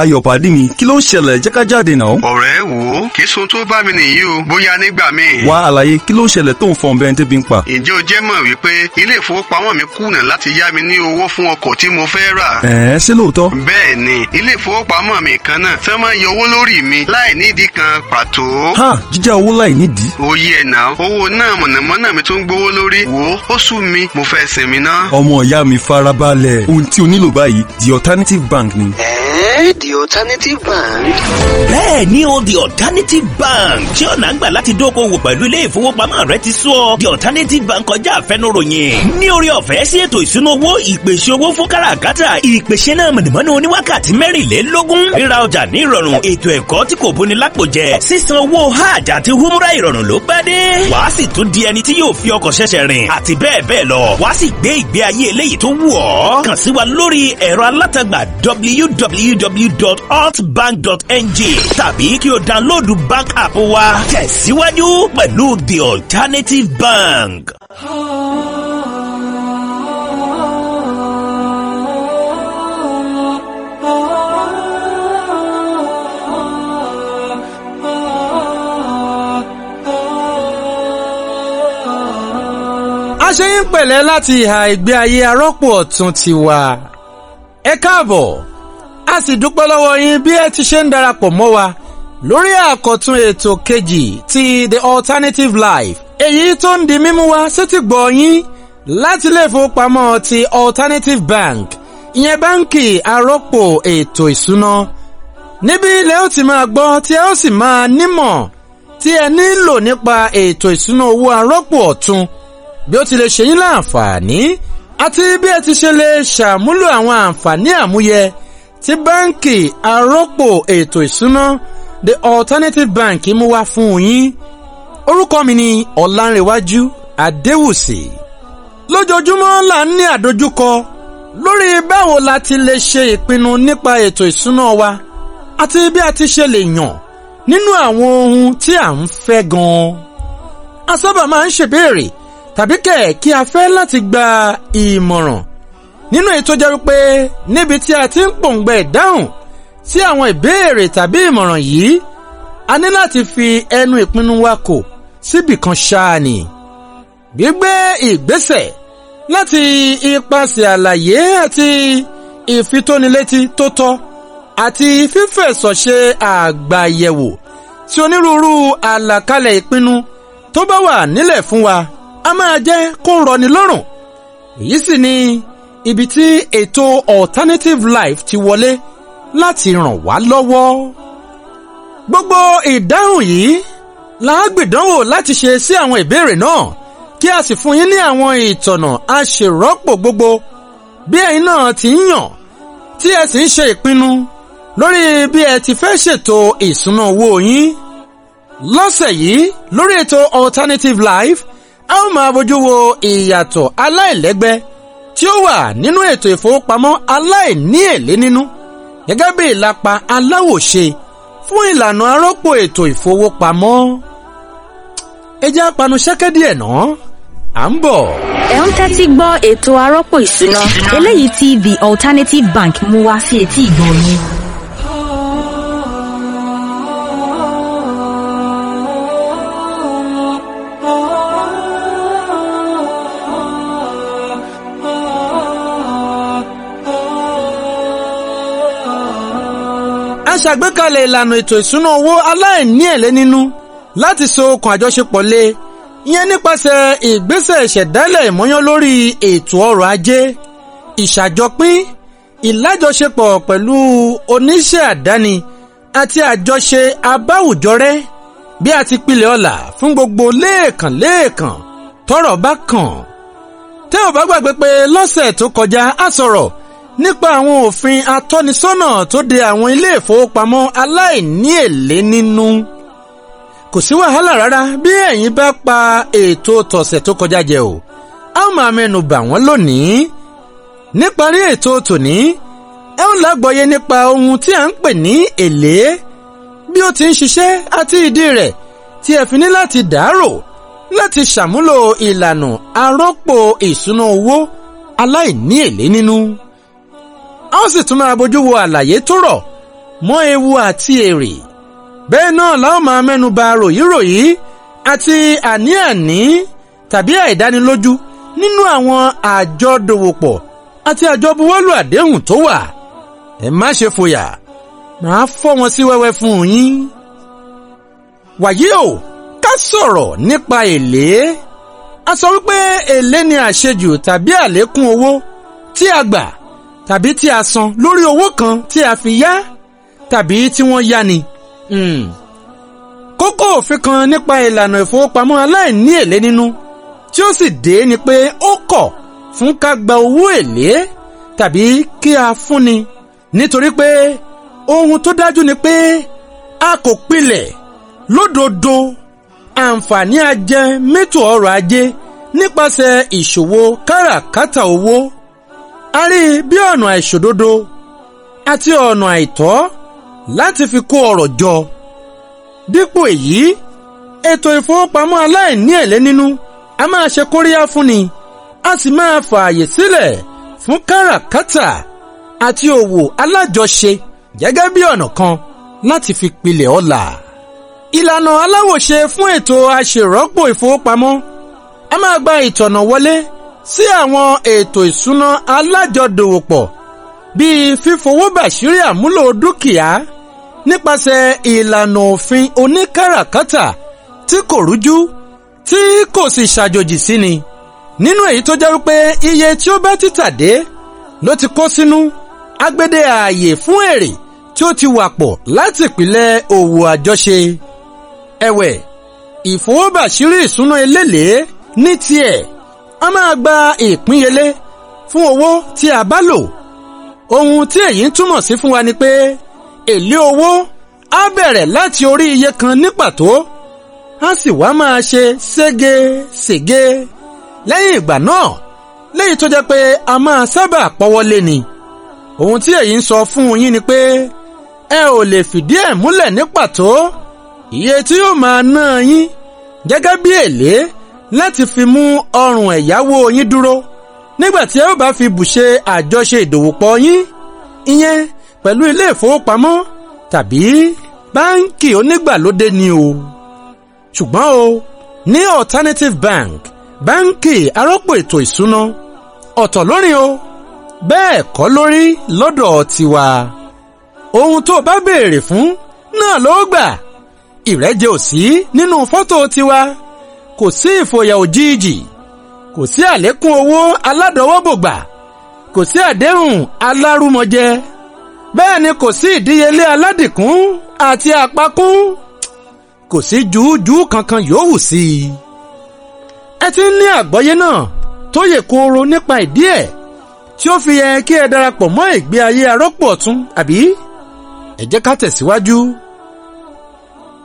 ayọ̀ pàdé mi kí ló ń ṣẹlẹ̀ jẹ́ ká jáde náà. ọ̀rẹ́ wo kì í sun tó bá mi nìyí o bóyá nígbà míì. wá àlàyé kí ló ń ṣẹlẹ̀ tó ń fọ̀n bẹ́ẹ̀ tẹ́bi ń pa. ǹjẹ́ o jẹ́ mọ̀ wípé ilé ìfowópamọ́ mi kùnà láti yá mi ní owó fún ọkọ̀ tí mo fẹ́ rà. ẹ̀ẹ́ ṣé lóòótọ́. bẹ́ẹ̀ ni ilé ìfowópamọ́ mi kan náà fẹ́ máa yọ owó lórí mi láì kan pàtó. ha jíjá owó láì nídìí. oyè náà owó náà mọ̀nàmọ́ná mi tún gbówó wo ó sú mi mo fẹ́ sinmi ná. ọmọ ìyá mi the alternative bank ni the alternative bank. bẹ́ẹ̀ ni o the alternative bank ṣé ọ̀nà àgbà láti dókòwò pẹ̀lú ilé ìfowópamọ́ rẹ ti sọ the alternative bank kọjá àfẹnuròyìn ní orí ọ̀fẹ́ sí ètò ìṣúná owó ìpèsè owó fún káràkátà ìpèsè náà mọ̀nàmọ́ná oníwákàtí mẹ́rìnlélógún ríra ọjà ní ìrọ̀rùn ètò ẹ̀kọ́ tí kò buni lápòjẹ sísan owó hajj àti humra ìrọ̀rùn ló pẹ́ dé wàá sì tún di ẹni tí yóò fi ọkọ̀ ṣẹ̀ṣẹ̀ rìn àti bẹ́ẹ̀ bẹ́ẹ̀ lọ wàá sì gbé ìgbé ayé eléyìí tó wù ọ́ kàn sí wa lórí ẹ̀rọ alátagbà www www.altbank.ng tàbí kí o dáńlóòdù bank app wa tẹ̀síwájú pẹ̀lú the alternative bank. a ṣe ń pẹ̀lẹ́ láti ìhà ìgbé ayé arọ́pò ọ̀tún tiwa ẹ káàbọ̀ a sì dúpẹ́ lọ́wọ́ yín bí ẹ ti ṣe ń darapọ̀ mọ́ wa lórí àkọ́tún ètò kejì ti the alternative life èyí tó ń di mímú wa sétí gbọ́ yín láti ilé ìfowópamọ́ ti alternative bank ìyẹn báǹkì arọ́pò ètò ìsúná níbí ilẹ̀ ó ti máa gbọ́ tí ẹ ó sì máa nímọ̀ tí ẹ nílò nípa ètò ìsúná owó arọ́pò ọ̀tun bí ó ti lè ṣe yín láǹfààní àti bí ẹ ti ṣe lè ṣàmúlò àwọn àǹfààní àmúyẹ tí báǹkì arọ́pò ètò ìṣúná the alternative bank mú wá fún yín orúkọ mi ni ọ̀làǹrẹ̀wájú adéwùsì lójoojúmọ́ là ń ní àdojúkọ lórí báwo la ti lè ṣe ìpinnu nípa ètò ìṣúná wa àti bí a ti ṣe lè yàn nínú àwọn ohun tí à ń fẹ́ gan-an a sábà máa ń ṣèbéèrè tàbí kẹ̀ kí a fẹ́ láti gba ìmọ̀ràn nínú èyí tó jẹ́ wípé níbi tí a ti ń pòǹgbẹ ìdáhùn sí àwọn ìbéèrè tàbí ìmọ̀ràn yìí a ní láti fi ẹnu ìpinnu wa kò síbì kan ṣáà ni gbígbé ìgbésẹ̀ láti ipasẹ̀ àlàyé àti ìfitónilétí tó tọ́ àti fífẹ̀sọ̀ ṣe àgbàyẹ̀wò tí onírúurú àlàkalẹ̀ ìpinnu tó bá wà nílẹ̀ fún wa a máa jẹ́ kó rọni lọ́rùn èyí sì ni ibi tí ètò alternative life ti wọlé láti ràn wá lọ́wọ́. gbogbo ìdáhùn yìí la á gbìdánwò láti ṣe sí àwọn ìbéèrè náà kí a sì fún yín ní àwọn ìtọ̀nà aṣèrọ́pò gbogbo bí ẹ̀yin náà ti ń yàn tí ẹ sì ń ṣe ìpinnu lórí bí ẹ ti fẹ́ ṣètò ìṣúná owó yín. lọ́sẹ̀ yìí lórí ètò alternative life a ó máa bójú wo ìyàtọ̀ aláìlẹ́gbẹ́ tí ó wà nínú ètò ìfowópamọ́ aláìní èlé nínú gẹ́gẹ́ bí ìlapa aláwòṣe fún ìlànà arọ́pò ètò ìfowópamọ́. ẹ jẹ́ apanu ṣẹ́kẹ́ díẹ̀ náà à ń bọ̀. ẹ ń tẹ́tí gbọ́ ètò arọ́pò ìṣúná eléyìí tí the alternative bank mú wá sí etí ìgbọ̀nyín. ń ṣàgbékalẹ̀ ìlànà ètò ìṣúná owó aláìní èlé nínú láti so okùn àjọṣepọ̀ le ìyẹn nípasẹ̀ ìgbésẹ̀ ìṣẹ̀dálẹ̀ ìmọ́yán lórí ètò ọrọ̀ ajé ìṣàjọpín ìlájọṣepọ̀ pẹ̀lú oníṣẹ́ àdáni àti àjọṣe abáwùjọrẹ́ bí a ti pilẹ̀ ọ̀la fún gbogbo lẹ́ẹ̀kan lẹ́ẹ̀kan tọ́rọ̀ bá kàn tẹ́ ò bá gbàgbé pé lọ́sẹ̀ tó kọjá a sọ̀rọ̀ nípa àwọn òfin atọ́nisọ́nà tó de àwọn ilé ìfowópamọ́ aláìní èlé nínú. kò sí wàhálà rárá bí ẹ̀yin bá pa ètò tọ̀sẹ̀ tó kọjá jẹ o a ó máa mẹ́nu bà wọ́n lónìí. níparí ètò tòní ẹ ó lágbọ́yé nípa ohun tí a ń pè ní èlé bí ó ti ń ṣiṣẹ́ àti ìdí rẹ̀ tí ẹ fi ní láti dàárò láti ṣàmúlò ìlànà àrọ́pò ìṣúná owó aláìní èlé nínú a ó sì tún máa bójú wo àlàyé tó rọ̀ mọ́ ewu àti èrè bẹ́ẹ̀ náà la ó máa mẹ́nu ba ròyìnròyìn àti àní-àní tàbí àìdánilójú nínú àwọn àjọ dòwòpọ̀ àti àjọ buwọ́lù àdéhùn tó wà ẹ má ṣe fòyà màá fọ́ wọn sí wẹ́wẹ́ fún yín. wàyí o ká sọ̀rọ̀ nípa èlé a sọ wípé èlé ni àṣejù tàbí àlékún owó tí a gbà tàbí tí a san lórí owó kan tí a fi yá tàbí tí wọ́n yá ni. Mm. kókó òfin kan nípa ìlànà ìfowópamọ́ aláìní èlé nínú tí ó sì dé ni pé ó kọ̀ fún ká gba owó èlé tàbí kí a fúnni nítorí pé ohun tó dájú ni pé a kò pilẹ̀ lódodo àǹfààní ajẹmẹ́tò ọrọ̀ ajé nípasẹ̀ ìṣòwò káràkátà owó a rí i bí ọ̀nà àìṣòdodo àti ọ̀nà àìtọ́ láti fi kó ọrọ̀ jọ dípò èyí ètò ìfowópamọ́ aláìní èlé nínú a máa ṣe kóríyá fúnni a sì máa fààyè sílẹ̀ fún káràkátà àti òwò alájọṣe gẹ́gẹ́ bí ọ̀nà kan láti fi pilẹ̀ ọ̀la. ìlànà aláwòṣe fún ètò aṣèrọ́pò ìfowópamọ́ a máa gba ìtọ̀nà wọlé sí àwọn ètò ìsúná alájọdòwòpọ̀ bíi fífowó bàṣírí àmúlò dúkìá nípasẹ̀ ìlànà òfin oníkàràkátà tí kò rújú tí kò sì ṣàjòjì sí ni nínú èyí tó jẹ́ wípé iye tí ó bá títà dé ló ti kó sínú agbede ààyè fún èrè tí ó ti wà pọ̀ láti ìpìlẹ̀ òwò àjọṣe ẹ̀wẹ̀ ìfowóbàṣírí ìsúná eléèlé ní tiẹ̀ a máa gba ìpínyẹlé fún owó tí a bá lò ohun tí èyí ń túmọ̀ sí fún wa ni pé èlé owó á bẹ̀rẹ̀ láti orí iye kan ní pàtó a sì wá máa ṣe ségesège lẹ́yìn ìgbà náà lẹ́yìn tó jẹ́ pé a máa sábà pọ́wọ́lé ni ohun tí èyí ń sọ fún yín ni pé ẹ ò lè fìdí ẹ̀ múlẹ̀ ní pàtó iye tí yóò máa ná yín gẹ́gẹ́ bí èlé láti fi mú ọrùn ẹ̀yáwó yín dúró nígbà tí ẹ ó bá fi bùṣe àjọṣe ìdòwòpọ̀ yín ìyẹn pẹ̀lú ilé ìfowópamọ́ tàbí báńkì onígbàlódé ni o ṣùgbọ́n o ní alternative bank báńkì arọ́pò ètò ìsúná ọ̀tọ̀ lórí o bẹ́ẹ̀ kọ́ lórí lọ́dọ̀ tiwa ohun tó o bá béèrè fún náà ló gbà ìrẹ́jẹ ò sí nínú fọ́tò tiwa kò sí ìfòyà òjijì kò sí àlékún owó aládọ́wọ́bògbà kò sí àdéhùn alárúmọjẹ bẹ́ẹ̀ ni kò sí ìdíyelé aládìkún àti àpakún kò sí jùújùú kankan yòówù sí i ẹ ti ń ní àgbọ́yé náà tó yè kooro nípa ìdí ẹ̀ tí ó fi yẹ kí ẹ darapọ̀ mọ́ ìgbé ayé arọ́pò ọ̀tún àbí ẹ jẹ́ ká tẹ̀síwájú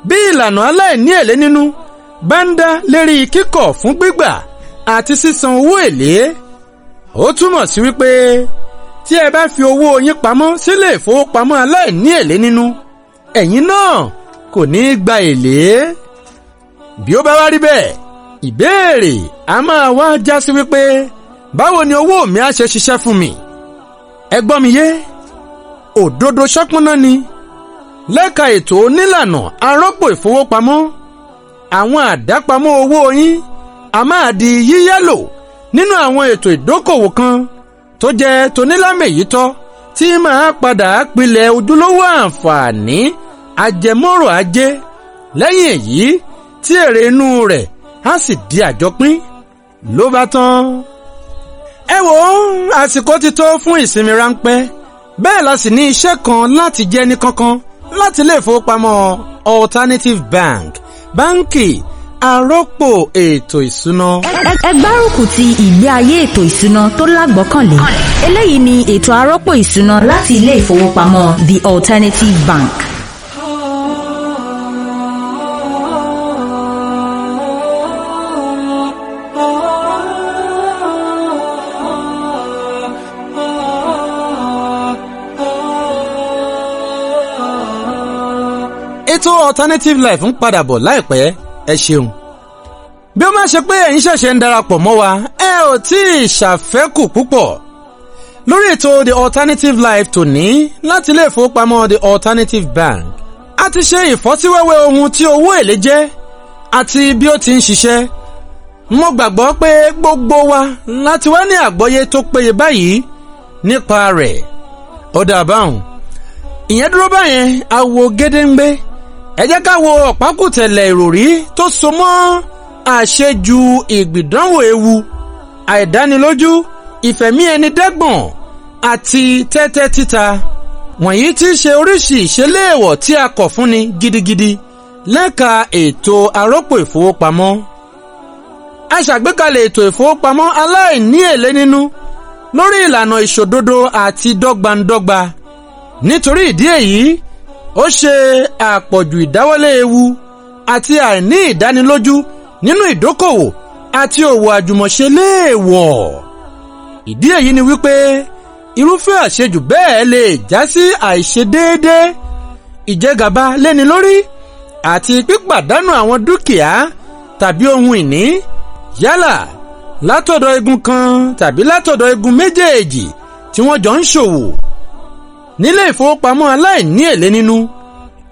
bí ìlànà aláìní èlé nínú bá ń dá lérí kíkọ̀ fún gbígbà àti sísan owó èlé ó túmọ̀ sí wípé tí ẹ bá fi owó yín pamọ́ sílé ìfowópamọ́ aláìní èlé nínú ẹ̀yin náà kò ní í gba èlé bí ó bá wá rí bẹ́ẹ̀ ìbéèrè a máa wá já sí wípé báwo ni owó mi á ṣe ṣiṣẹ́ fún mi ẹ gbọ́ mi yé òdodo ṣọ́pọ́nná ni lẹ́ka ètò onílànà arọ́pò ìfowópamọ́ àwọn àdápamọ́ owó yín a máa di yíyẹ́lò nínú àwọn ètò ìdókòwò kan tó jẹ́ tonílámẹ̀yìtọ́ tí máa padà pilẹ̀ ojúlówó àǹfààní ajẹmọ́rọ̀ ajé lẹ́yìn èyí tí èrè inú rẹ̀ á sì di àjọpín ló bá tán. ẹ wo àsìkò ti tó fún ìsinmi ráńpẹ́ bẹ́ẹ̀ la sì ní iṣẹ́ kan láti jẹ́ ní kankan láti ilé ìfowópamọ́ alternative bank báńkì àrọ́pò ètò ìsúná. ẹgbárùkù ti ìgbé ayé ètò ìsúná tó lágbọ́kànlé eléyìí ni ètò àrọ́pò ìsúná láti ilé ìfowópamọ́ The Alternative Bank. ètò alternative life ń padà bọ̀ láìpẹ́ ẹ ṣeun. bí ó máa ṣe pé ẹ̀yin ṣẹ̀ṣẹ̀ ń darapọ̀ mọ́ wa ẹ ò tí ì ṣàfẹ́kù púpọ̀ lórí ètò the alternative life tòní láti ilé ìfowópamọ́ the alternative bank a ti ṣe ìfọ́síwẹ́wẹ́ ohun tí owó èlé jẹ́ àti bí ó ti ń ṣiṣẹ́ mo gbàgbọ́ pé gbogbo wa láti wá ní àgbọ́yé tó péye báyìí nípa rẹ̀ ó dà ìyẹn dúró báyẹn a wo ẹ jẹ́ ká wo ọ̀pákùtẹ̀lẹ̀ ìròrí tó so mọ́ àṣejù ìgbìdánwò ewu àìdánilójú ìfẹ̀mí ẹni dẹ́gbọ̀n àti tẹ́tẹ́ títa wọ̀nyí tí í ṣe oríṣi ìṣeléèwọ̀ tí a kọ̀ fúnni gidigidi lẹ́ka ètò arọ́pò ìfowópamọ́ a ṣàgbékalẹ̀ ètò ìfowópamọ́ aláìní èlé nínú lórí ìlànà ìṣòdodo àti dọ́gbandọ́gba nítorí ìdí èyí ó ṣe àpọ̀jù ìdáwọ́lé ewu àti àìní ìdánilójú nínú ìdókòwò àti òwò àjùmọ̀ṣe léèwọ̀ ìdí èyí ni wípé irúfẹ́ àṣejù bẹ́ẹ̀ lè já sí àìṣedéédé ìjẹgàba léni lórí àti pípàdánù àwọn dúkìá tàbí ohun ìní yálà látọ̀dọ̀ igun kan tàbí látọ̀dọ̀ igun méjèèjì tí wọ́n jọ ń ṣòwò nílé ìfowópamọ́ aláìní èlé nínú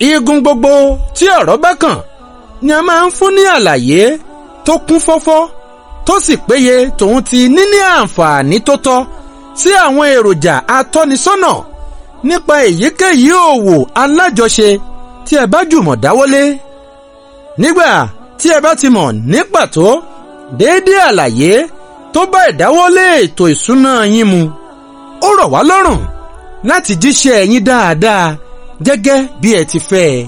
igun gbogbo tí ọ̀rọ̀ bá kàn ni a máa ń fún ní àlàyé tó kún fọ́fọ́ tó sì péye tòun ti níní àǹfààní tó tọ́ sí àwọn èròjà atọ́nisọ́nà nípa èyíkéyìí òwò alájọṣe tí ẹ bá jùmọ̀ dáwọ́lé nígbà tí ẹ bá ti mọ̀ ní pàtó déédéé àlàyé tó bá ìdáwọ́lé ètò ìsúná yín mu ó rọ̀ wá lọ́rùn láti jíṣẹ́ ẹ̀yin dáadáa gẹ́gẹ́ bí ẹ ti fẹ́ ẹ.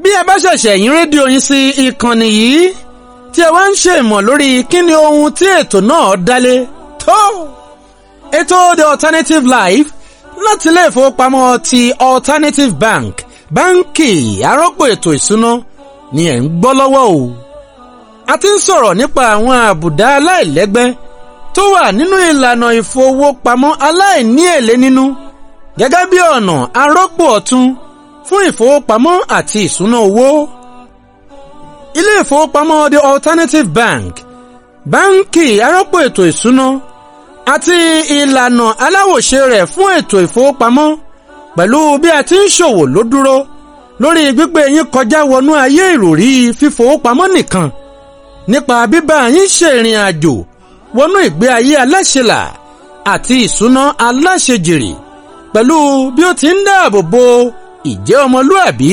bí ẹ bá ṣẹ̀ṣẹ̀ yín rédíò yín sí ìkànnì yìí tí ẹ wá ń ṣe ìmọ̀ lórí kí ni ohun tí ètò náà dálé tó. ètò the alternative life láti ilé ìfowópamọ́ ti alternative bank báńkì arọ́pò ètò ìsúná ni ẹ̀ ń gbọ́ lọ́wọ́ o. a ti ń sọ̀rọ̀ nípa àwọn àbùdá aláìlẹ́gbẹ́ tó wà nínú ìlànà ìfowópamọ́ aláìní èlé nínú. No gẹ́gẹ́ bí ọ̀nà arọ́pò ọ̀tun fún ìfowópamọ́ àti ìṣúná owó. ilé ìfowópamọ́ the alternative bank báńkì arọ́pò ètò ìṣúná àti ìlànà aláwòṣe rẹ̀ fún ètò ìfowópamọ́ pẹ̀lú bí a ti ń ṣòwò ló dúró lórí gbígbé yín kọjá wọnú ayé ìròrí fífowópamọ́ nìkan nípa bíbá yín ṣe ìrìn àjò wọnú ìgbé ayé aláṣẹlà àti ìṣúná aláṣejìrì pẹ̀lú bí ó ti ń dáàbò bo ìjẹ́ ọmọlúàbí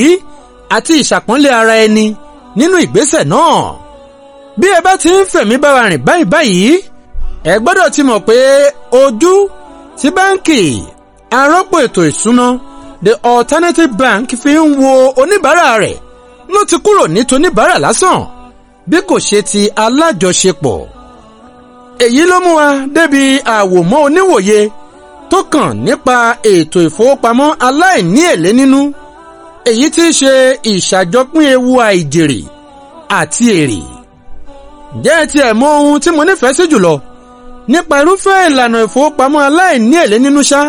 àti ìṣàpọ́nlé ara ẹni nínú ìgbésẹ̀ náà. bí ẹ bá ti ń fẹ̀mí bára rìn báyìí báyìí ẹ gbọ́dọ̀ ti mọ̀ pé ojú tí báńkì arọ́pò ètò ìsúná the alternative bank fi ń wo oníbàárà rẹ̀ ló ti kúrò ní toníbàárà lásán bí kò ṣe ti alájọṣepọ̀. èyí ló mú wa débi àwòmọ́ oníwòye tó kàn nípa ètò ìfowópamọ́ aláìní èlé nínú èyí tí í ṣe ìṣàjọpín ewu àìjèrè àti èrè jẹ́ ti ẹ̀ mọ ohun tí mo nífẹ̀ẹ́ sí jùlọ nípa irúfẹ́ ìlànà ìfowópamọ́ aláìní èlé nínú ṣá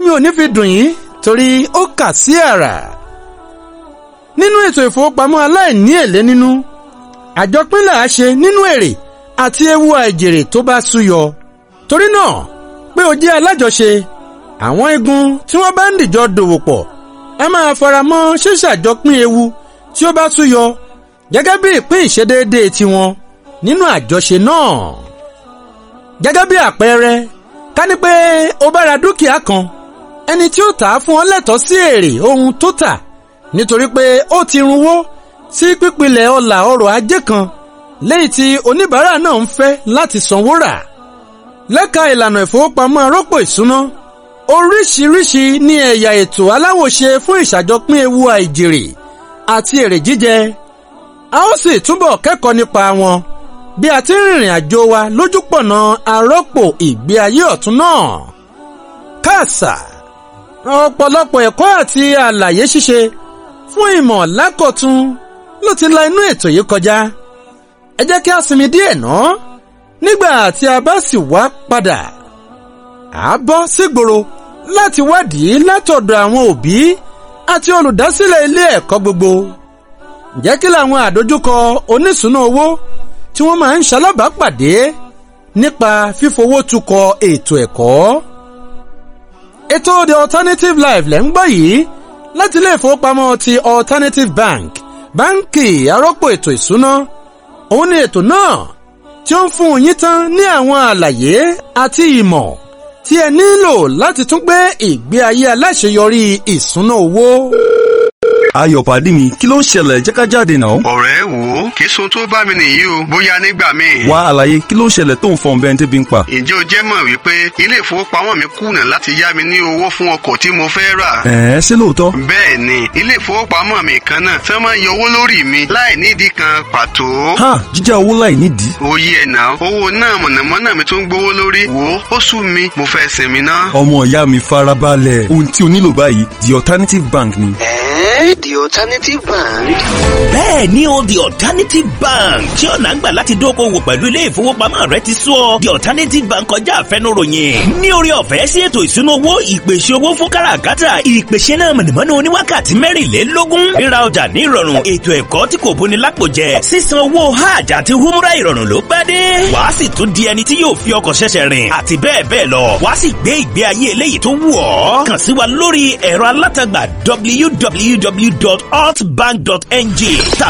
mi ò ní fi dùn yín torí ó kà sí àrà nínú ètò ìfowópamọ́ aláìní èlé nínú àjọpín là á ṣe nínú èrè àti ewu àìjèrè tó bá súyọ torí náà pé o jẹ́ alájọṣe àwọn igun tí wọ́n bá ń dìjọ dòwò pọ̀ ẹ máa fara mọ́ ṣíṣàjọpín ewu tí ó bá súyọ gẹ́gẹ́ bí ìpín ìṣedéédéé tiwọn nínú àjọṣe náà. gẹ́gẹ́ bí àpẹẹrẹ ká ní pé o bá ra dúkìá kan ẹni tí ó tà á fún ọ lẹ́tọ̀ọ́ sí èrè ohun tó tà nítorí pé ó ti runwó sí pípilẹ̀ ọlà ọrọ̀ ajé kan lẹ́yìn tí oníbàárà náà ń fẹ́ láti sanwó rà lẹ́ka ìlànà ìfowópamọ́ arọ́pò ìṣúná oríṣiríṣi ní ẹ̀yà ètò aláwòṣe fún ìṣàjọpín ewu àìjèrè àti èrè jíjẹ a ó sì túbọ̀ kẹ́kọ̀ọ́ nípa wọn bí a ti ń rìnrìn àjò wa lójúpọ̀nà arọ́pò ìgbé ayé ọ̀tún náà káàsà ọ̀pọ̀lọpọ̀ ẹ̀kọ́ àti àlàyé ṣíṣe fún ìmọ̀ lákọ̀tun ló ti la inú ètò yìí kọjá ẹ jẹ́ kí a sinmi díẹ̀ náà. No? nígbà tí a bá sì wá padà a bọ́ sígboro láti wádìí látọ̀dọ̀ àwọn òbí àti olùdásílẹ̀ ilé ẹ̀kọ́ gbogbo jẹ́ kí làwọn àdójúkọ oníṣúná owó tí wọ́n máa ń ṣalábàápàdé nípa fífowó tukọ̀ ètò ẹ̀kọ́ ètò the alternative life lẹ́ ń gbọ́ yìí láti ilé ìfowópamọ́ ti alternative bank báńkì arọ́pò ètò ìṣúná òun ni ètò náà tí ó ń fún yín tán ní àwọn àlàyé àti ìmọ̀ tí ẹ nílò láti tún gbé ìgbé ayé aláṣeyọrí ìṣúná owó ayọ̀ pàdé mi kí ló ń ṣẹlẹ̀ jẹ́ ká jáde náà. ọ̀rẹ́ wo kì sun tó bá mi nìyí o bóyá nígbà míì. wá àlàyé kí ló ń ṣẹlẹ̀ tó ń fọ̀n bẹ́ẹ̀ tẹ́bi ń pa. ǹjẹ́ o jẹ́ mọ̀ wípé ilé ìfowópamọ́ mi kùnà láti yá mi ní owó fún ọkọ̀ tí mo fẹ́ rà. ẹ̀ẹ́ ṣé lóòótọ́. bẹ́ẹ̀ ni ilé ìfowópamọ́ mi kan náà tí wọ́n máa yọ owó lórí mi láì kan pàtó. ha jíjá owó láì nídìí. oyè ẹ̀ náà owó náà mọ̀nàmọ́ná mi tó ń gbowó lórí wò ó sú mi mo fẹ́ alternative bank ni. the Alternative band. bẹ́ẹ̀ o the alternative bank ṣé ọ̀nà àgbà láti dókòwò pẹ̀lú ilé ìfowópamọ́ rẹ ti sú ọ the alternative bank kọjá àfẹnuròyìn ní orí ọ̀fẹ́ sí ètò ìṣúná owó ìpèsè owó fún káràkátà ìpèsè náà mọ̀nàmọ́ná oníwákàtí mẹ́rìnlélógún ríra ọjà ní ìrọ̀rùn ètò ẹ̀kọ́ tí kò bóni lápò jẹ sísan owó hajj àti humra ìrọ̀rùn ló pẹ́ dé wàá sì tún di ẹni tí yóò fi ọkọ̀ ṣẹ̀ṣẹ̀ rìn àti bẹ́ẹ̀ bẹ́ẹ̀ lọ wàá sì gbé ìgbé ayé eléyìí tó wù ọ́ kàn sí wa lórí ẹ̀rọ alátagbà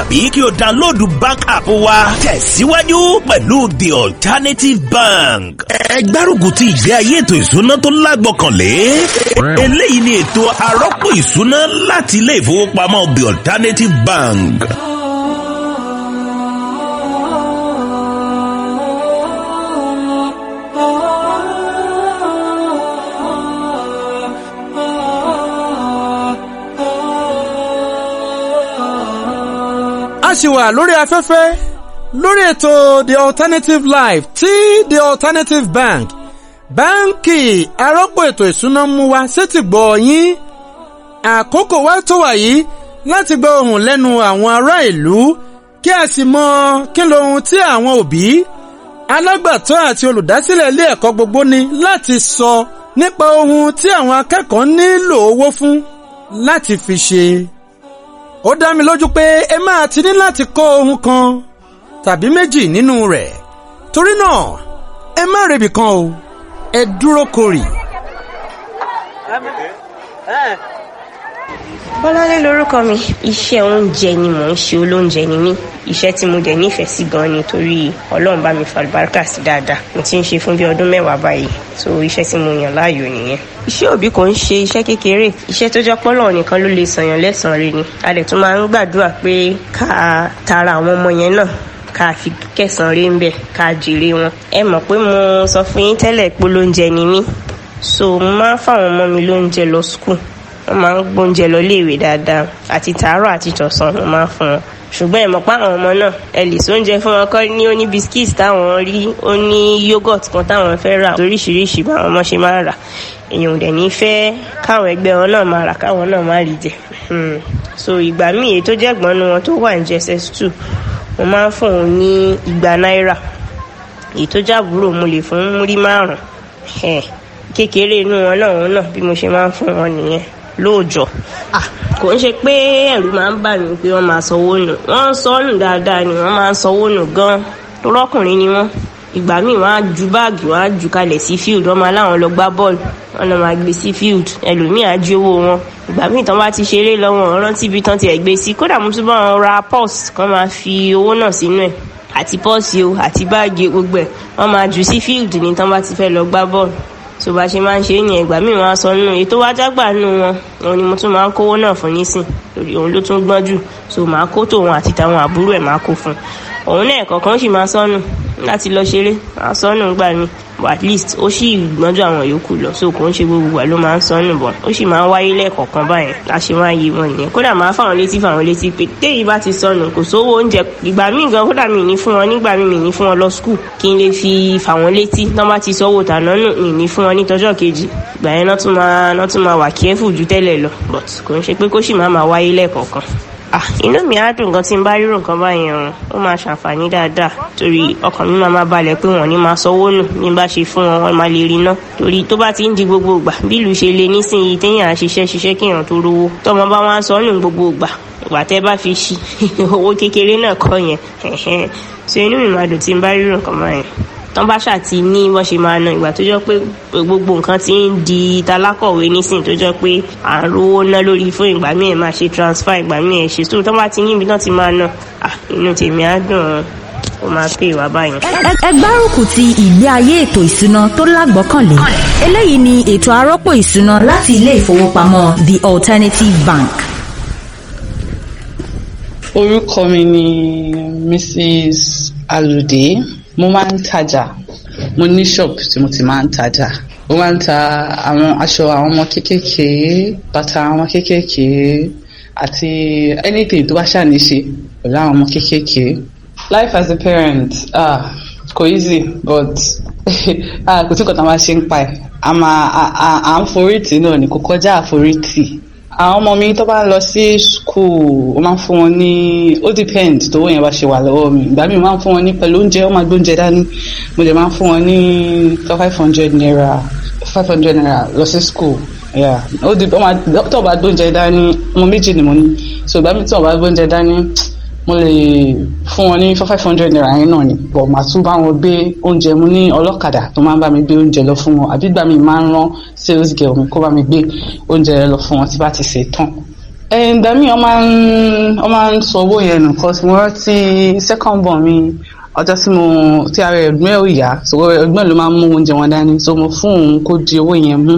tàbí kí o download bank app wa tẹ̀síwájú pẹ̀lú the alternative bank. ẹ gbárùkù ti ìgbé ayé ètò ìsúná tó lágbọ́kànlé. eléyìí ni ètò àrọ́pò ìsúná láti ilé ìfowópamọ́ the alternative bank. a sì wà lórí afẹ́fẹ́ lórí ètò the alternative life tí the alternative bank báńkì arọ́pò ètò ìsúná mú wa sétí gbọ́ yín àkókò wa tó wà yìí láti gba ohùn lẹ́nu àwọn ará ìlú kí a sì mọ kí lohun tí àwọn òbí alágbàtọ́ àti olùdásílẹ̀ ilé ẹ̀kọ́ gbogbo ní láti sọ nípa ohun tí àwọn akẹ́kọ̀ọ́ nílò owó fún láti fi ṣe ó dá mi lójú pé ẹ máa ti ní láti kọ́ ohun kan tàbí méjì nínú rẹ̀ torí náà ẹ má rebì kan o ẹ dúró korì. Bọ́láńlé lorúkọ mi iṣẹ́ oúnjẹ ni mò ń ṣe olóúnjẹ ni mí iṣẹ́ tí mo dẹ̀ nífẹ̀ẹ́ sí gan ni torí Ọlọ́run bá mi falùbáríkà sí dáadáa mo ti ń ṣe fún bí ọdún mẹ́wàá báyìí so iṣẹ́ tí mo yàn láàyò nìyẹn. iṣẹ́ òbí kò ń ṣe iṣẹ́ kékeré iṣẹ́ tó jẹ́ pọ́lọ̀ nìkan ló lè sànyàn lẹ́sàn-án rẹ̀ ni a dẹ̀ tún máa ń gbàdúrà pé ká tara àwọn ọmọ yẹn náà ká fi kẹsàn-án rí ń bẹ̀ ká jèrè wọn. ẹ mọ̀ pé mo sọ fún yín tẹ́lẹ̀ pé olóúnjẹ ni mí so mo máa ń fáwọn ọmọ mi lóúnjẹ lọ school wọ́n máa ń gbóúnjẹ lọ léèwé dáadáa àti tàárọ̀ àti tọ̀sán wọ́n máa ń fún wọn ṣùgbọ́n ìmọ̀ pa àwọn ọmọ náà ẹ lè fún wọn kọ́ ní ó ní biskit táwọn rí ó ní yogurt kan táwọn fẹ́ rà oríṣiríṣi báwọn ọmọ ṣe máa ń rà èèyàn ò dẹ̀ ní fẹ́ káwọn ẹgbẹ́ wọn náà máa rà káwọn náà máa rí jẹ hmm. so ìgbà míì èyí tó jẹ́ gbọ́nú wọn tó wà ní jss two mo máa ń fún un ní igba náírà èyí tó jábúrò mo lè fún múrí márùn-ún kékeré inú wọn náà wọn náà bí mo ṣe máa ń fún wọn nìyẹn lóòjọ́ ah, kò ń ṣe pé ẹ̀rù máa ń bà mí pé wọ́n máa sanwó nù wọ́n ń sọ nù dáadáa ni wọ́n máa ń sanwó nù gan-an tọrọkùnrin ni wọ́n ìgbà míì wọ́n á ju báàgì wọ́n á ju kalẹ̀ sí field wọ́n máa láwọn lọ gbá bọ́ọ̀lù wọ́n lọ máa gbé sí field ẹlòmíì á ju owó wọn ìgbà míì tán bá ti ṣeré lọ́wọ́ rántí ibi tán tiẹ̀ gbé sí kódà mo tún bá wọn ra pọ́ọ̀sì kan máa fi owó náà sínú ẹ̀ àti pọ́ọ̀sì o àti báàgì gbogbo ẹ̀ wọ́n máa jù sí field ní tán bá ti fẹ́ lọ gbá bọ́ọ̀lù tó bá ṣe máa ń ṣe é yẹn ìgbà míì wọn á sọ nínú èyí tó wá jágbà nínú wọn òun ni mo tún máa ń kówó náà fún nísìn lórí òun ló tún gbọ́n jù so màá kó tòun àti tàwọn àbúrò ẹ̀ máa kó fún un òun náà ẹ̀kọ̀ọ̀kan sì máa sọ́nù láti lọ ṣeré máa sọ́nù gbà míì at least ó sì gbọ́njú àwọn yòókù lọ so kò ń ṣe gbogbo wa ló máa ń sọnù bọ̀ ó sì máa ń wáyé lẹ́ẹ̀kọ̀ọ̀kan báyẹn la ṣe máa yé wọn nìyẹn kódà máa fáwọn létí fáwọn létí pé téyì bá ti sọnù kò sówó oúnjẹ ìgbà míì gan kódà mi ní fún wọn nígbà mi ní fún wọn lọ skul kí n lè fi fáwọn létí tán bá ti sọ́wọ́ tàná nù mi ní fún wọn ní kejì ìgbà yẹn náà tún máa wà careful ju tẹ́lẹ̀ lọ but kò ń ṣe pé kó sì máa máa wáyé lẹ́ẹ̀kọ̀ọ̀kan Ah, inú mi á dùn gan tí n bá rírò nǹkan báyẹn o ó máa ṣàǹfààní dáadáa torí ọkàn mi máa má balẹ̀ pé wọ́n ní máa sanwó nù ní bá ṣe fún wọn wọ́n máa lè rí ná torí tó bá ti ń di gbogbo ìgbà bí ìlú ṣe le nísìnyí téèyàn á ṣiṣẹ́ ṣiṣẹ́ kéèyàn tó rówó tọmọ bá wá ń sọ nù gbogbo ìgbà ìgbà tẹ́ bá fi ṣí owó kékeré náà kọ́ yẹn ṣe inú mi máa dùn tí n bá rírò nǹkan báyẹn tán bá ṣàti ní wọ́n ṣe máa na ìgbà tó jọ pé gbogbo nǹkan ti ń di talákọ̀wé nísìn tó jọ pé à ń rówó ná lórí fún ìgbà míì máa ṣe transfer ìgbà míì ṣe sóò tán bá ti yín ibi náà ti máa na inú tèmi á dùn ó máa pè wá báyìí. ẹgbárùkù ti ìgbé ayé ètò ìsúná tó lágbọ́kànlé eléyìí ni ètò àrọ́pò ìsúná láti ilé ìfowópamọ́ The Alternative Bank. orúkọ mi ni Mrs. Alude mo máa ń tajà mo ní ṣọ́ọ̀bù tí mo ti máa ń tajà mo máa ń ta àwọn aṣọ àwọn ọmọ kéékèèké bàtà àwọn kéékèèké àti anything tó bá ṣàní ṣe pẹ̀lú àwọn ọmọ kéékèèké. life as a parent ah, kò easy but ah, kò tí kò tá a máa ṣe ń pa ẹ̀ a máa náà ni kò kọjá àforítì àwọn ọmọ mi tó bá lọ sí school ó máa ń fún wọn ní ó depend tó yẹn bá ṣe wà lọ́wọ́ mi ìgbà mi máa ń fún wọn ní pẹ̀lú oúnjẹ ó máa gbóúnjẹ dání mo dẹ̀ máa fún wọn ní five hundred naira five hundred naira lọ sí school yeah ó di ọmọ tó bá gbóúnjẹ dání ọmọ méjì ni mo ní so ìgbà mi tó bá gbóúnjẹ dání mo lè fún wọn ní five hundred naira yẹn náà ni bọ̀ màá tún bá wọn gbé oúnjẹ mu ní ọlọ́kadà tó máa ń bá mi gbé oúnjẹ lọ fún wọn àbí gbà mí máa ń rán sales girl mi kó bá mi gbé oúnjẹ lọ fún wọn tí bá ti ṣe tán ìgbà míì wọ́n máa ń sọ owó yẹn nù cause mo rántí second born mi ọjọ́ tí mo tí ara ẹ̀gbọ́n ò yá so ẹ̀gbọ́n ló máa ń mú oúnjẹ wọn dání so mo fún òun kó di owó yẹn mú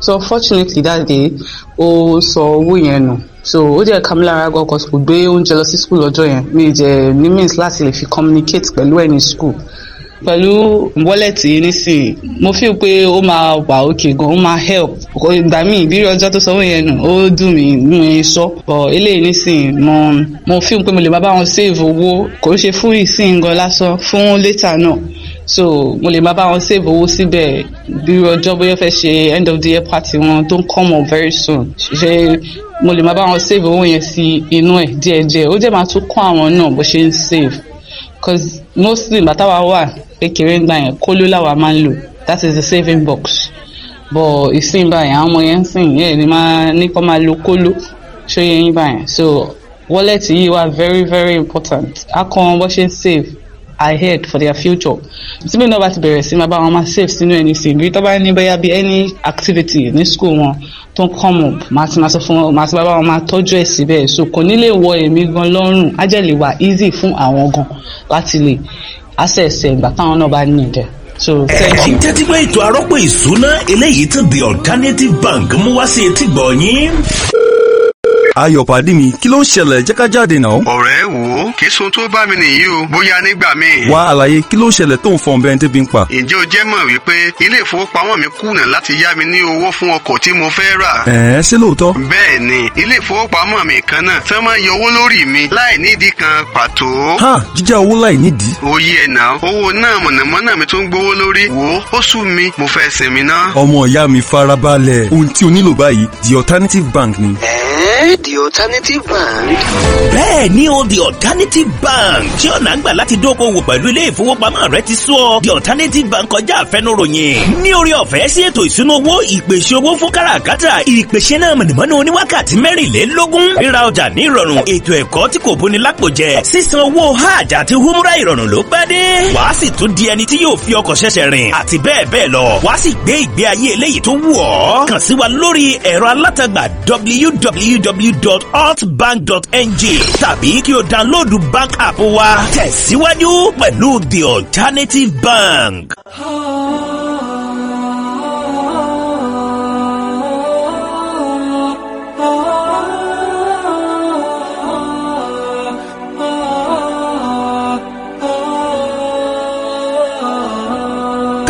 so fortunately that day ó sọ owó yẹn nù so ó dẹ̀ ká mi lára gan cause kò gbé oúnjẹ lọ sí school lọ́jọ́ yẹn mi jẹ́ ní means láti lè fi communicate pẹ̀lú ẹ̀ ní school pẹ̀lú wọ́lẹ̀tì yìí nísìnyí mo fi pé ó máa wà òkè gan ó máa help ìgbà míì bí ọjọ́ tó sanwó yẹn nù ó dùn mí mú mi sọ bọ̀ eléyìí nísìnyí mo mo fi pé mo lè bá bá wọn save owó kò ń ṣe fún ìsìn gan lásán fún later náà so mo lè máa bá wọn save owó síbẹ̀ bí ọjọ́ bóyá fẹ́ ṣe end of the year party wọn tó ń come on very soon ṣe mo lè máa bá wọn save owó yẹn sí inú ẹ̀ díẹ̀díẹ̀ ó jẹ́ máa tún kọ́ àwọn náà bó ṣe ń save cause mostly bàtàwà wà kékeré ń gbà yẹn kóló làwà máa ń lò that is the saving box but ìsìn báyìí àwọn ọmọ yẹn ń sìn yẹn ni máa ní kó máa lo kóló ṣó yẹn yín báyìí so wallet yìí wà very very important akọ wọn bó ṣe ń save ahead for their future tí lóyún náà bá ti bẹ̀rẹ̀ sí máa bá wọn máa save sínú ẹni sí ibi tó bá ní bóyá bí any activity ní school wọn tó ń come up máa ti máa sọ fún wọn máa ti bá wọn máa tọ́jú ẹ̀ síbẹ̀ so kò ní lè wọ èmi gan lọ́rùn ajẹ́ lè wà easy fún àwọn gan láti lè access ìgbà táwọn náà bá ní ìdẹ̀ ẹ̀yin tẹ́tí pé ètò àrọ́pò ìṣúná eléyìí tún the alternative bank mú wá sí etí gbọ̀nyín ayọ̀ pàdé mi kí ló ń ṣẹlẹ̀ jẹ́ ká jáde náà. ọ̀rẹ́ wo kí sun tó bá mi nìyí o bóyá nígbà míì. wá àlàyé kí ló ń ṣẹlẹ̀ tó ń fọ̀n bẹ́ẹ̀ tẹ́bi ń pa. ǹjẹ́ o jẹ́ mọ̀ wípé ilé ìfowópamọ́ mi kùnà láti yá mi ní owó fún ọkọ̀ tí mo fẹ́ rà. ẹ̀ẹ́ ṣé lóòótọ́. bẹ́ẹ̀ ni ilé ìfowópamọ́ mi kan náà tán máa yọ owó lórí mi láì nídìí kan pàtó. ha jíjá owó láì nídìí. oyè ẹ̀ náà owó náà mọ̀nàmọ́ná mi tó ń gbowó lórí wò ó mi mo fẹ́ sinmi ná. the alternative bank ni. Hey, the alternative bank. bẹ́ẹ̀ ni o the alternative bank tí ọ̀nà àgbà láti dókòwò pẹ̀lú ilé ìfowópamọ́ rẹ ti sú ọ the alternative bank kọjá àfẹnuròyìn ní orí ọ̀fẹ́ sí ètò ìṣúná owó ìpèsè owó fún káràkátà ìpèsè náà mọ̀nàmọ́ná oníwákàtí mẹ́rìnlélógún ríra ọjà ní ìrọ̀rùn ètò ẹ̀kọ́ tí kò bóni lápò jẹ sísan owó hajj àti humra ìrọ̀rùn ló pẹ́ dé wàá sì tún di ẹni tí yóò fi ọkọ̀ ṣẹ̀ṣẹ̀ rìn àti bẹ́ẹ̀ bẹ́ẹ̀ lọ wàá sì gbé ìgbé ayé eléyìí tó wù ọ́ kàn sí wa lórí ẹ̀rọ alátagbà www www.altbank.ng tàbí kí o download bank app wa tẹ̀síwájú pẹ̀lú the alternative bank.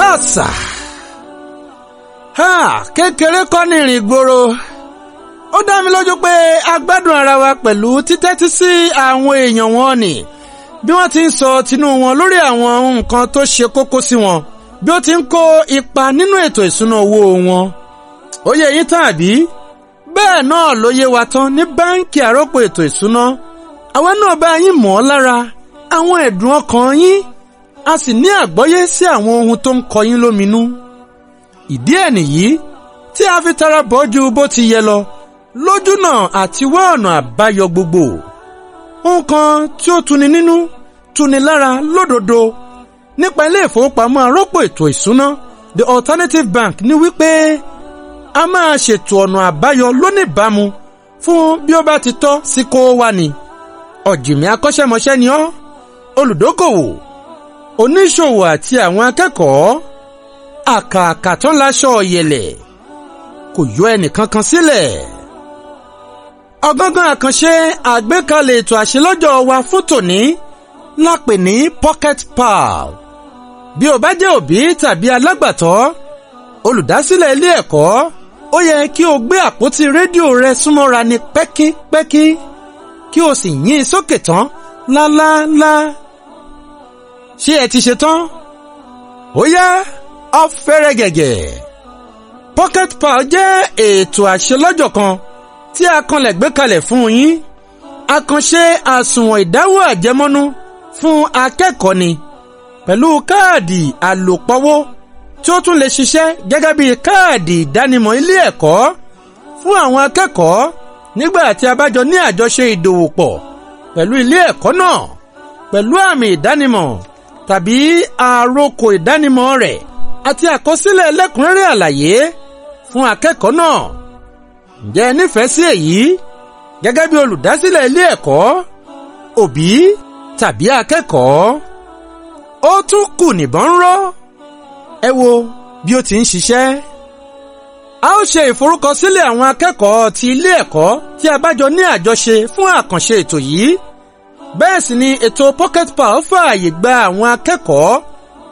kásà kékeré kọ́ nìrìn gbòòrò ó dá mi lójú pé a gbádùn ara wa pẹ̀lú títẹ́tí sí àwọn èèyàn wọn ni bí wọ́n ti ń sọ tinú wọn lórí àwọn nǹkan tó ṣe kókó sí wọn bí ó ti ń kó ipa nínú ètò ìṣúná owó wọn ó yẹ yín tán àbí bẹ́ẹ̀ náà ló yé wa tán ní báńkì àrọ́pò ètò ìṣúná àwa náà bá yín mọ̀ ọ́ lára àwọn ẹ̀dùn ọkàn yín a sì ní àgbọ́yé sí àwọn ohun tó ń kọ yín lóminú ìdí ẹ̀ nìyí tí a fi tara bọ́ ju bó ti yẹ lọ lójúnà àti wá ọ̀nà àbáyọ gbogbo nǹkan tí ó tuni nínú tuni lára lódodo nípa ilé ìfowópamọ́ arọ́pò ètò ìsúná the alternative bank ní wípé a máa ṣètò ọ̀nà àbáyọ lónìbámu fún bí ó bá ti tọ́ sí kó wá ni ọ̀jìnmí akọ́ṣẹ́mọṣẹ́ ni ọ́ olùdókòwò oníṣòwò àti àwọn akẹ́kọ̀ọ́ àkàkà tán láṣọ ọ̀yẹ̀lẹ̀ kò yọ ẹnìkankan sílẹ̀. Si ọgángan àkànṣe àgbékalẹ̀ ètò àṣelọ́jọ́ wa fún tòní la ní pocket pal bí o bá jẹ́ òbí tàbí alágbàtọ́ olùdásílẹ̀ ilé ẹ̀kọ́ ó yẹ kí o gbé àpótí rédíò rẹ súnmọ́ra ní pẹ́kípẹ́kí kí o sì yín in sókè tán lálálá ṣé ẹ ti ṣe ó yá ọ fẹ́rẹ̀ gẹ̀gẹ̀ pocket pal jẹ́ ètò àṣelọ́jọ́ kan tí akànlẹ̀ gbé kalẹ̀ fún yín àkànṣe àsùnwọ̀n ìdáwọ́ àjẹmọ́nú fún akẹ́kọ̀ọ́ ni pẹ̀lú káàdì àlòpọ̀wọ́ tí ó tún lè ṣiṣẹ́ gẹ́gẹ́ bí káàdì ìdánimọ̀ ilé ẹ̀kọ́ fún àwọn akẹ́kọ̀ọ́ nígbà tí a bá jọ ní àjọṣe ìdòwò pọ̀ pẹ̀lú ilé ẹ̀kọ́ náà pẹ̀lú àmì ìdánimọ̀ tàbí àrokò ìdánimọ̀ rẹ̀ àti àkọsílẹ̀ ẹlẹ́kùnrẹ́rẹ́ àlàyé fún akẹ́kọ̀ọ́ náà ǹjẹ́ ẹ nífẹ̀ẹ́ sí èyí gẹ́gẹ́ bí olùdásílẹ̀ ilé ẹ̀kọ́ òbí tàbí akẹ́kọ̀ọ́ ó tún kù nìbọn ń rọ́ ẹ wo bí ó ti ń ṣiṣẹ́ a ó ṣe ìforúkọsílẹ̀ àwọn akẹ́kọ̀ọ́ ti ilé ẹ̀kọ́ tí a bá jọ ní àjọṣe fún àkànṣe ètò yìí bẹ́ẹ̀ sì ni ètò pocket pal fààyè gba àwọn akẹ́kọ̀ọ́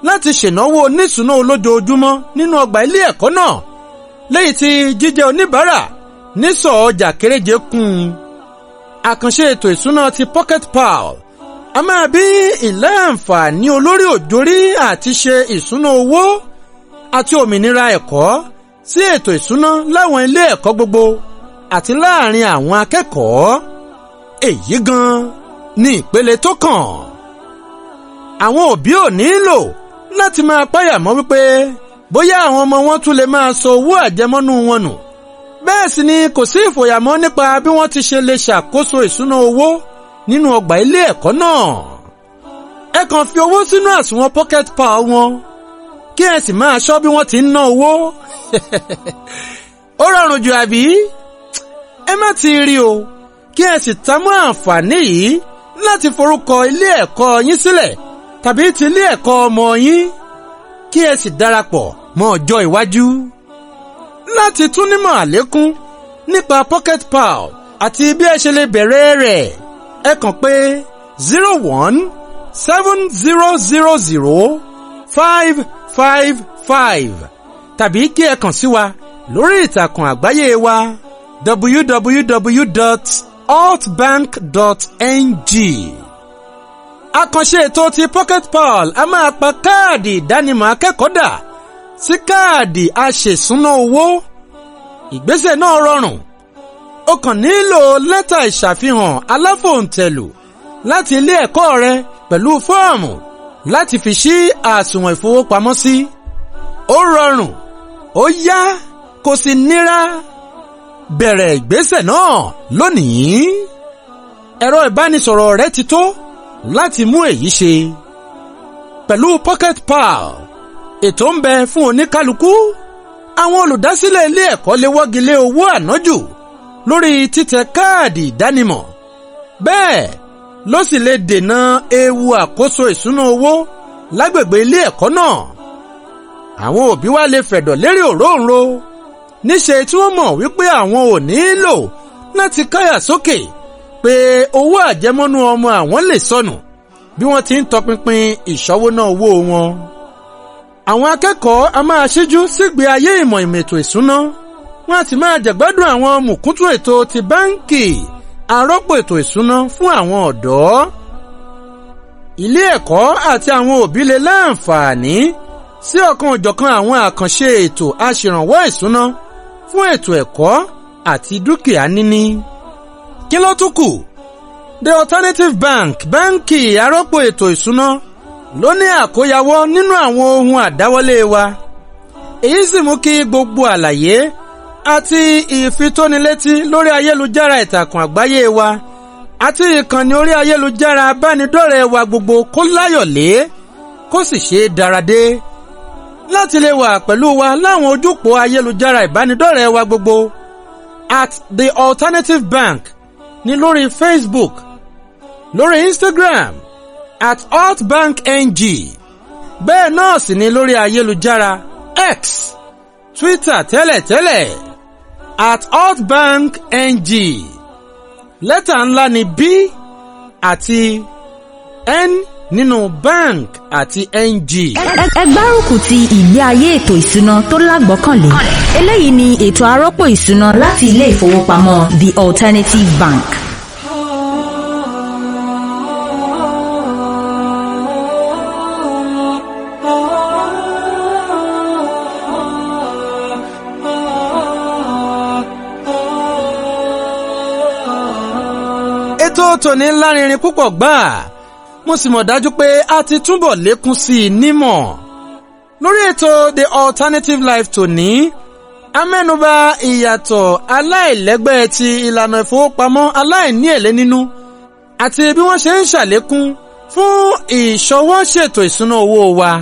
láti ṣènáwó oníṣúná olójoojúmọ́ nínú ọgbà ilé ẹ̀kọ́ náà lẹ́yìn tí jíjẹ oníbàárà nísọ̀ ọjà kéréje kún un àkànṣe ètò ìsúná ti pocket pal a máa bí ilé àǹfààní olórí òjòrí àti ṣe ìsúná owó àti òmìnira ẹ̀kọ́ sí ètò ìsúná láwọn ilé ẹ̀kọ́ gbogbo àti láàrin àwọn akẹ́kọ̀ọ́ èyí gan ni ìpele tó kàn àwọn òbí ò nílò láti máa páyà mọ́ wípé bóyá àwọn ọmọ wọn tún lè máa sọ owó àjẹmọ́nú wọn nù. No bẹ́ẹ̀ sì ni kò sí ìfòyàmọ́ nípa bí wọ́n ti ṣe lè ṣàkóso ìṣúná owó nínú ọgbà ilé ẹ̀kọ́ náà. ẹ kàn fi owó sínú àsùnwọ̀n pocket power wọn kí ẹ sì máa ṣọ́ bí wọ́n ti ń ná owó. ó rọrùn jù àbí? ẹ má ti rí o kí ẹ sì ta mọ́ àǹfààní yìí láti forúkọ ilé ẹ̀kọ́ yín sílẹ̀ tàbí ti ilé ẹ̀kọ́ ọmọ yín kí ẹ sì darapọ̀ mọ́ ọjọ́ iwájú láti tún nímọ̀ àlékún nípa pocket pal àti bí ẹ ṣe lè bẹ̀rẹ̀ rẹ̀ ẹ kàn pé zero one seven zero zero zero five five five tàbí kí ẹ kàn sí wa lórí ìtàkùn àgbáyé wa www.altbank.ng àkànṣe ètò ti pocket pal a máa pa káàdì ìdánimọ̀ akẹ́kọ̀ọ́ dà sí káàdì aṣèṣúná owó ìgbésẹ̀ náà rọrùn o kàn nílò lẹ́tà ìṣàfihàn aláfòǹtẹ̀lù láti ilé ẹ̀kọ́ rẹ pẹ̀lú fọ́ọ̀mù láti fi ṣí àsùnwọ̀n ìfowópamọ́sí ó rọrùn ó yá kò sí nira bẹ̀rẹ̀ ìgbésẹ̀ náà lónìí ẹ̀rọ ìbánisọ̀rọ̀ rẹ ti tó láti mú èyí ṣe pẹ̀lú pocket pal ètò ń bẹ fún oníkálukú àwọn olùdásílẹ̀ ilé ẹ̀kọ́ lè wọ́gi lé owó ànájù lórí títẹ káàdì ìdánimọ̀ bẹ́ẹ̀ ló sì lè dènà ewu àkóso ìṣúná owó lágbègbè ilé ẹ̀kọ́ náà àwọn òbí wa lè fẹ̀dọ̀ lérí òróǹro níṣe tí wọ́n mọ̀ wípé àwọn ò nílò láti káyà sókè pé owó àjẹmọ́nú ọmọ àwọn lè sọnù bí wọ́n ti ń tọpinpin ìṣọ́wóná owó wọn àwọn akẹ́kọ̀ọ́ a máa ṣíjú sígbé ayé ìmọ̀ ìmẹ̀tò ìsúná wọ́n á ti máa jẹ̀gbádùn àwọn mùkúntù ètò ti báńkì arọ́pò ètò ìsúná fún àwọn ọ̀dọ́ ilé ẹ̀kọ́ àti àwọn òbí lè láǹfààní sí ọ̀kan òjọ̀kan àwọn àkànṣe ètò aṣèrànwọ́ ìsúná fún ètò ẹ̀kọ́ àti dúkìá níní kí ló tún kù The Alternative Bank báńkì arọ́pò ètò ìsúná ló ní àkóyawọ́ nínú àwọn ohun àdáwọ́lé wa èyí sì mú kí gbogbo àlàyé àti ìfitónilétí lórí ayélujára ìtàkùn àgbáyé wa àti ìkànnì orí ayélujára abánidọ́rẹ̀ẹ́ wa gbogbo kó láyọ̀lé kó sì ṣe dáradé láti lè wà pẹ̀lú wa láwọn ojúpò ayélujára ìbánidọ́rẹ̀ẹ́ wa gbogbo at the alternative bank ní lórí Facebook lórí Instagram at altbankng bẹ́ẹ̀ náà sì ni lórí ayélujára x twitter tẹ́lẹ̀tẹ́lẹ̀ at Altbank NG, lẹ́tà ńlá ni b àti n nínú bank àti ng. ẹ gbárùkù ti ìgbé ayé ètò ìṣúná tó lágbọ́kànlé eléyìí ni ètò àrọ́pò ìṣúná láti ilé ìfowópamọ́ the alternative bank. ìjíròrò tòní lárinrin púpọ̀ gbáà mo sì mọ̀ dájú pé a ti túbọ̀ lékún sí i nímọ̀ lórí ètò the alternative life tòní a mẹ́nuba ìyàtọ̀ aláìlẹ́gbẹ́ ti ìlànà ìfowópamọ́ aláìní èlé nínú àti bí wọ́n ṣe ń ṣàlékún fún ìṣọwọ́ ṣètò ìṣúná owó wa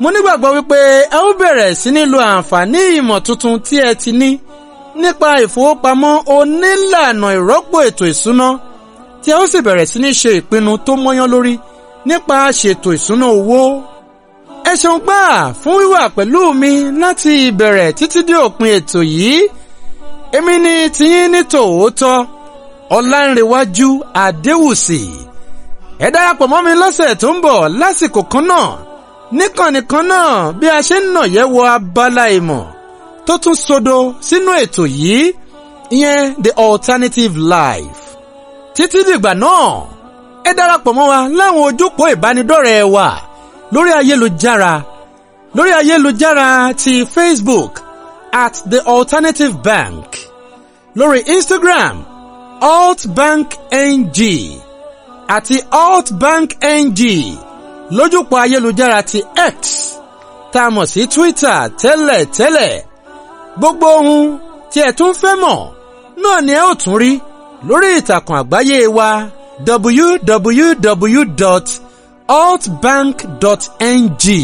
mo nígbàgbọ́ wípé ẹ ó bẹ̀rẹ̀ sí ní lo àǹfààní ìmọ̀ tuntun tí ẹ ti ní nípa ìfowópamọ́ onílànà ìrọ́pò ètò ìṣúná tí a ó sì bẹ̀rẹ̀ sí ní ṣe ìpinnu tó mọ́yán lórí nípa ṣètò ìṣúná owó. ẹ ṣeun gbà fún wíwà pẹ̀lú mi láti ìbẹ̀rẹ̀ títí dé òpin ètò yìí èmi ni tiyín ní tòótọ́ ọ̀làǹrẹ̀wájú àdéwùsì ẹ darapọ̀ mọ́ mi lọ́sẹ̀ tó ń bọ̀ lásìkò kan náà níkànnì kan náà bí a ṣe ń nà yẹ̀ wò abala ìmọ̀ tó tún sodo sínú ètò yìí ìyẹn the alternative life títí dìgbà náà ẹ darapọ̀ mọ́ wa láwọn ojúpọ̀ ìbánidọ́rẹ̀ẹ́ wa lórí ayélujára lórí ayélujára ti Facebook at the Alternative Bank lórí Instagram altbankng àti altbankng lójúpọ̀ ayélujára ti X tá a mọ̀ sí Twitter tẹ́lẹ̀tẹ́lẹ̀ gbogbo ohun tí ẹ tún fẹ́ mọ̀ náà ni ẹ ó tún rí lórí ìtàkùn àgbáyé wa www.altbank.ng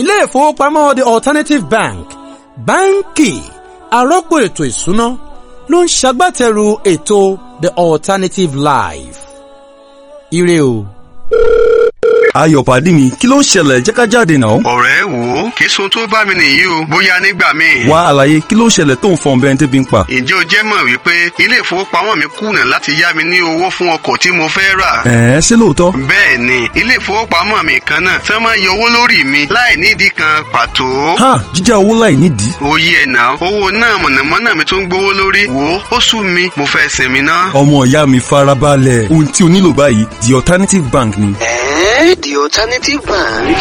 ilé ìfowópamọ́ the alternative bank báńkì arọ́pò ètò ìsúná ló ń ṣagbátẹrù ètò the alternative life ire o ayọ̀ pàdé mi kí ló ń ṣẹlẹ̀ jẹ́ náà. ọ̀rẹ́ wo kì í sun tó bá mi nìyí o bóyá nígbà míì. wá àlàyé kí ló ń ṣẹlẹ̀ tó ń fọn bẹ́ẹ̀ tẹ́bi ń pa. ǹjẹ́ o jẹ́ mọ̀ wípé ilé ìfowópamọ́ mi kùnà láti yá mi ní owó fún ọkọ̀ tí mo fẹ́ rà. ẹ̀ẹ́ ṣé lóòótọ́. bẹ́ẹ̀ ni ilé ìfowópamọ́ mi kan náà fẹ́ máa yọ owó lórí mi láì kan pàtó. ha jíjá owó láì nídìí. oyè náà owó náà mọ̀nàmọ́ná mi tó wo ó sú mi mo fẹ́ sinmi ná. ọmọ ìyá mi farabalẹ̀ The Alternative Bank mm Eh, the alternative bank.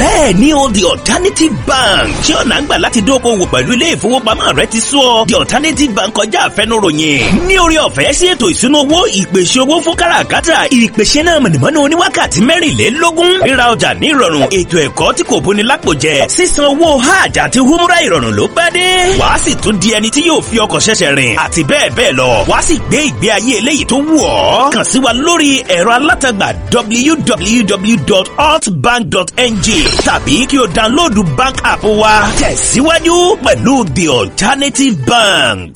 bẹ́ẹ̀ ni o the alternative bank ṣé ọ̀nà ń gbà láti dókòwò pẹ̀lú ilé ìfowópamọ́ rẹ ti sọ the alternative bank kọjá àfẹnuròyìn ní orí ọ̀fẹ́ sí ètò ìṣúná owó ìpèsè owó fún káràkátà ìpèsè náà mọ̀nàmọ́ná oníwákàtí mẹ́rìnlélógún ríra ọjà ní ìrọ̀rùn ètò ẹ̀kọ́ tí kò bóni lápòjẹ sísan owó hajj àti humra ìrọ̀rùn ló bá dé wàá sì tún di ẹni tí yóò fi ọkọ̀ ṣẹ̀ṣẹ̀ rìn àti bẹ́ẹ̀ bẹ́ẹ̀ lọ wàá sì gbé ìgbé ayé eléyìí tó wù ọ́ kàn sí wa lórí ẹ̀rọ alátagbà www www.altbank.ng tàbí kí o download bank app wa tẹ̀síwájú pẹ̀lú the alternative bank.